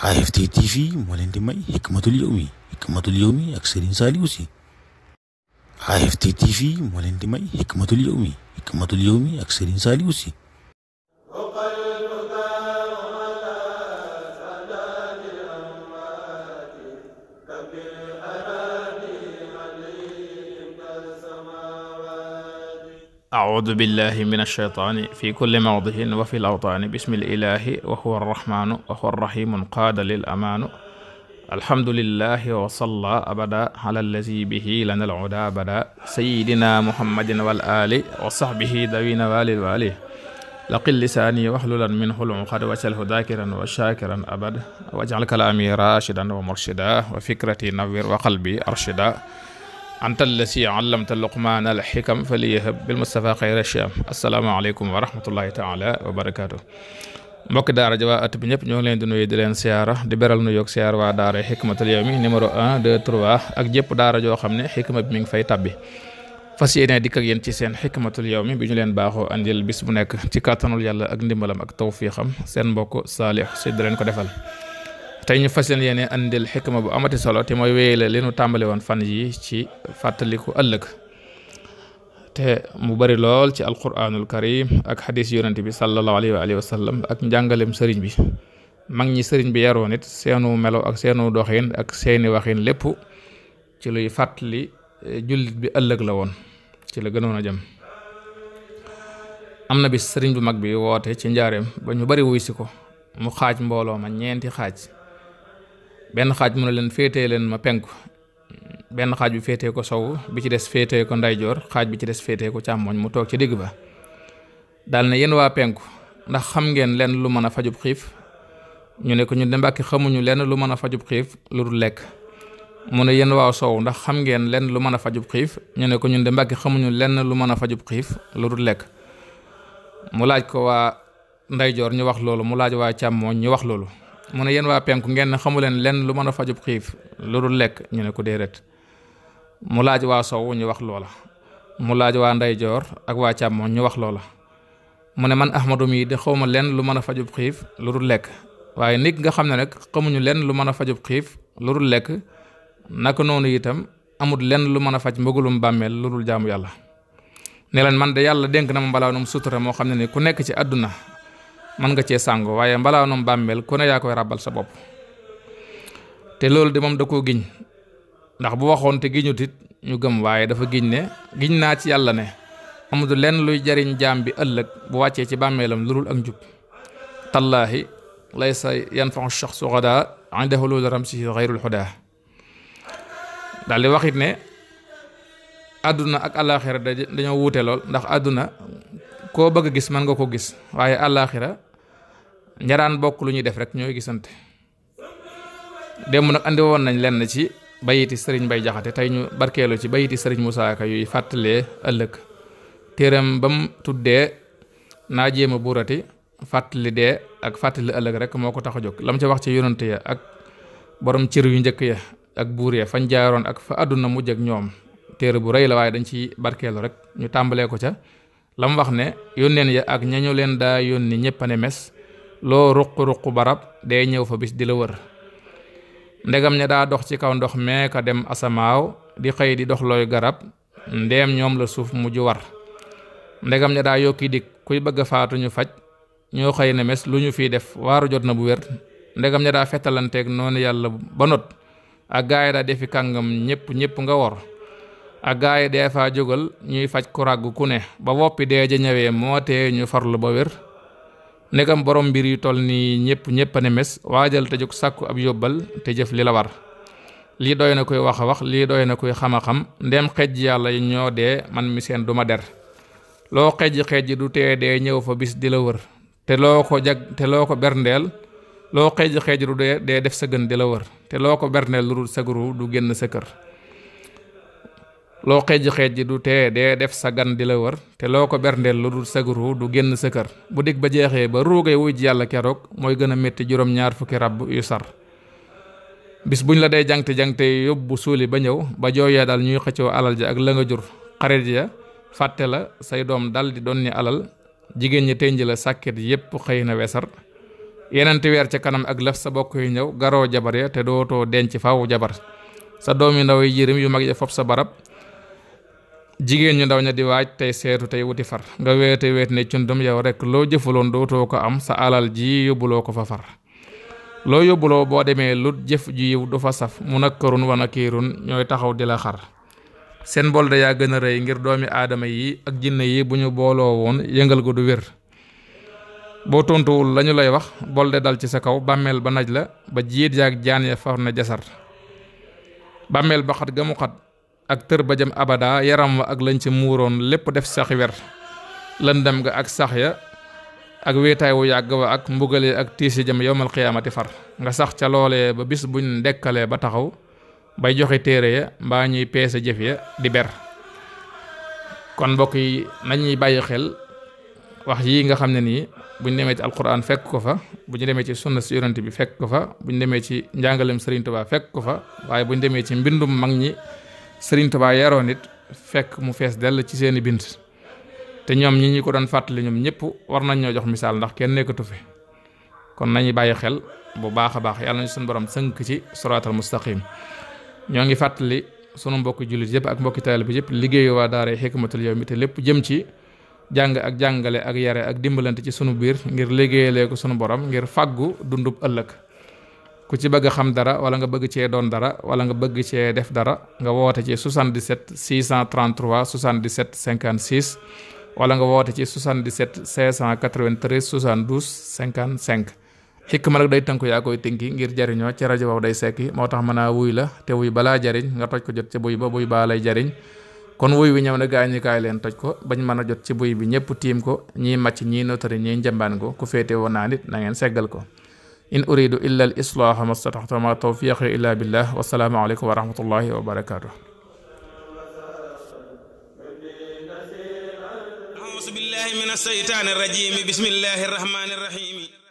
AFT TV moo leen di may xikmatul yawmi xikmatul yawmi ak Serigne Saliou Sy AFT TV moo leen di may xikmatul yawmi xikmatul yawmi ak Serigne Saliou Sy audu billahi min alcheytaani fi kulli mawdihin wa fi lawtaani bismi lilahi wa huwa arrahmaanu wa huwa arrahimu qaada lil amaanu alhamdulillahi wa salla abada ala allazi bihi lana alhuda abada sayidina muhammadin wal ali wa sahbihi dawina walil wali laqil lisaani waxlulan minhu lumuqad waj'alhu daakiran wa shaakiran abada waj'al kalaami rashidan wa murshida wa fikrati nawwir wa qalbi arshida anta si a luqmaana al xikam fa li yahab bil mustafa a sham asalaamaaleykum wa rahmatullahi taala wa barakaatu mbokki waa at bi ñëpp ñoo ngi leen di nuyu di leen siyaara di beral nu yoog siyaar waa daara xikmatul yawmi numéro 1 2 3 ak jëpp daara joo xam ne xikma bi mi ngi fay tabbi fas yéene dikk ak yéen ci seen xikmatul yawmi bi ñu leen baaxoo andil bis bu nekk ci kàttanul yàlla ak ndimbalam ak tawfiixam seen mbokk saalix si leen ko defal tey ñu fas leen yéene andil xikma bu amati solo te mooy wéyale li nu tàmbali woon fan yi ci fàttaliku ëllëg te mu bari lool ci alquranul karim ak xadis yonent bi sallallahu alayhi alihi wa ak njàngalem sëriñ bi mag ñi sëriñ bi yaroon it seenu melo ak seenu doxin ak seeni waxin lépp ci luy fàttali eh, jullit bi ëllëg la woon ci la gënoon a jëm am na bi sëriñ bu mag bi woote ci njaareem ba ñu bari wuy ko mu xaaj mbooloo ma ñeenti xaaj benn xaaj mu ne leen féetee leen ma penku benn xaaj bi féetee ko sow bi ci des féete ko ndeyjoor xaaj bi ci des féetee ko càmmooñ mu toog ci digg ba daal ne yenn waa penku ndax xam ngeen lenn lu mën a fajub xiif ñu ne ko ñu dembàkki xamuñu lenn lu mën a fajub xiif lu dul lekk mu ne yenn waa sow ndax xam ngeen lenn lu mën a fajub xiif ñu ne ko ñun de mbàkki xamuñu lenn lu mën a fajub xiif lu dul lekk mu laaj ko waa ndeyjoor ñu wax loolu mu laaj waa càmmooñ ñu wax loolu mu ne yenn waa penku ngeen xamu leen lenn lu mën a fajub xiif lu dul lekk ñu ne ko déedéet mu laaj waa sow ñu wax loola mu laaj waa ndeyjoor ak waa càmmoñ ñu wax loola mu ne man ahmadu mii de xawma lenn lu mën a fajub xiif lu dul lekk waaye nit nga xam ne nag xamuñu lenn lu mën a fajub xiif lu dul lekk naka noonu itam amul lenn lu mën a faj mbëggalum bàmmeel lu dul jaamu yàlla ne leen man de yàlla dénk na ma mbalaa num sutura moo xam ne ni ku nekk ci àdduna mën nga cee sàngo waaye mbalaanum bàmmeel ku ne yaa koy ràbbal sa bopp te loolu de moom da koo giñ ndax bu waxoon te giñut it ñu gëm waaye dafa giñ ne giñ naa ci yàlla ne amatu lenn luy jariñ jaam bi ëllëg bu wàccee ci bàmmeelam lu dul ak njub sa yan yanfau shaxsu gadaa inda huluuli ramsihi gayrul hudaa daal di waxit ne àdduna ak àllaaxira dañoo wuute lool ndax àdduna koo bëgg gis mën nga ko gis waaye àllaaxira njaraan daan bokk lu ñuy def rek ñooy gisante démb nag andi woon nañ lenn ci bayiti sëriñ Mbay Jaxate tey ñu barkeelu ci bayiti sëriñ Musaa Ka yuy fàttalee ëllëg téeram ba tuddee naa jéem a buurati fàttali dee ak fàttali ëllëg rek moo ko tax a jóg lam ca wax ci yonante ya ak borom cër yu njëkk ya ak buur ya fañ jaaroon ak fa àdduna mujj ak ñoom téere bu rey la waaye dañ ci barkeelu rek ñu tàmbalee ko ca lam wax ne yónneen ya ak ñañu leen daa yónni ñëpp mes loo ruq-ruq barab day ñëw fa bis di la wër ndegam ne daa dox ci kaw ndox mee ka dem asamaaw di xëy di dox looy garab ndeem ñoom la suuf mujj war ndegam ne daa yokki dik kuy bëgg a faatu ñu faj ñoo xëy ne mes lu ñu fi def waaru jot na bu wér ndegam ne daa fettalanteeg noonu yàlla ba not ak gaa yi daa defi kàngam ñëpp ñëpp nga wor ak gaa yi dee faa jógal ñuy faj ku ràgg ku ne ba woppi dee ja ñëwee moo tee ñu farlu ba wér ndegam borom mbir yu toll nii ñëpp ñëpp a ne mes waajal te jóg sàkku ab yóbbal te jëf li la war lii doy na koy wax wax lii doy na koy xam a xam ndem xej yàlla ñoo dee man mi seen du ma der loo xej xej du tee dee ñëw fa bis di la wër te loo ko jag te loo ko berndeel loo xej xej du dee dee def sa gën di la wër te loo ko berndeel lu dul sa du génn sa kër loo xeej xeej ji du tee dee def sa gan di la wër te loo ko berndeel lu dul saguru du génn sa kër bu dig ba jeexee ba ruugay wuy ji yàlla keroog mooy gën a métti juróom-ñaar fukki ràbb yu sar bis buñ la dee jangte jangte yóbbu suuli ba ñëw ba jooya daal ñuy xëccoo alal ji ak la nga jur xarit ya fàtte la say doom dal di doon ni alal jigéen ñi tënj la sàkket yépp xëy na wesar yeneenti weer ci kanam ak lëf sa bokk yu ñëw garoo jabar ya te dootoo denc faw jabar sa doomi ndaw yu mag sa barab jigéen ñu ndaw ña di waaj tey seetu tey wuti far nga weete weet ne cundum yow rek loo jëfaloon dootoo ko am sa alal ji yóbbuloo ko fa far loo yóbbuloo boo demee lu jëf ji yiw du fa saf mu nag nakkarun wa nakiirun ñooy taxaw di la xar seen bool de yaa gën a rëy ngir doomi aadama yi ak jinne yi bu ñu booloo woon yëngal ko du wér boo tontuwul lañu lay wax bolde dal ci sa kaw bàmmeel ba naj la ba jiit yaak jaan ya far na jasar bàmmeel ba xat gamu xat ak tër ba jëm abada yaram wa ak lañ ci muuroon lépp def saxi wer lëndam ga ak sax ya ak wéetaay wu yàgg wa ak mbugale ak tiis yi jëm yowmal xiyaamati far nga sax ca loolee ba bis buñ dekkalee ba taxaw bay joxe téere ya mbaa ñuy peese jëf ya di ber kon mbokk yi nañuy bàyyi xel wax yii nga xam ne nii bu ñu demee ci alquran fekk ko fa bu ñu demee ci sunna si yonent bi fekk ko fa bu ñu demee ci njàngalem Sëriñ Tuubaa fekk ko fa waaye bu ñu demee ci mbindum mag ñi sëriñ Tuubaa yaroon it fekk mu fees dell ci seeni bind te ñoom ñi ñu ko doon fàttali ñoom ñëpp war nañ ñoo jox misaal ndax kenn nekkatu fi kon nañu bàyyi xel bu baax a baax yàlla nañu suñu borom sënk ci siraatal mustaqim ñoo ngi fàttali sunu mbokki jullit yëpp ak mbokki taalibe bi yëpp liggéeyu waa daara Hikmatul Yawmi te lépp jëm ci jàng ak jàngale ak yare ak dimbalante ci sunu biir ngir liggéeyalee ko sunu borom ngir fàggu dundub ëllëg ku ci bëgg xam dara wala nga bëgg cee doon dara wala nga bëgg cee def dara nga woote ci 77 633 77 56 wala nga woote ci 77 693 72 55. ma nag day tënku yaa koy tënki ngir jariñoo ci rajo boobu day sekki moo tax mën a wuy la te wuy balaa jariñ nga toj ko jot ci buy ba buy baa lay jariñ kon wuy wi ñëw na gaañukaay leen toj ko bañ mën a jot ci buy bi ñëpp tiim ko ñii màcc ñii notari ñii njambaan ko ku féete woon naa nit na ngeen seggal ko in uridu illa al islaaha mastataxta ma tawfiqi illa billah wasalaamu aleykum wa rahmatullahi wa barakatuh auzu billahi min alsheytaani arrajim bismillahi arrahmani arrahim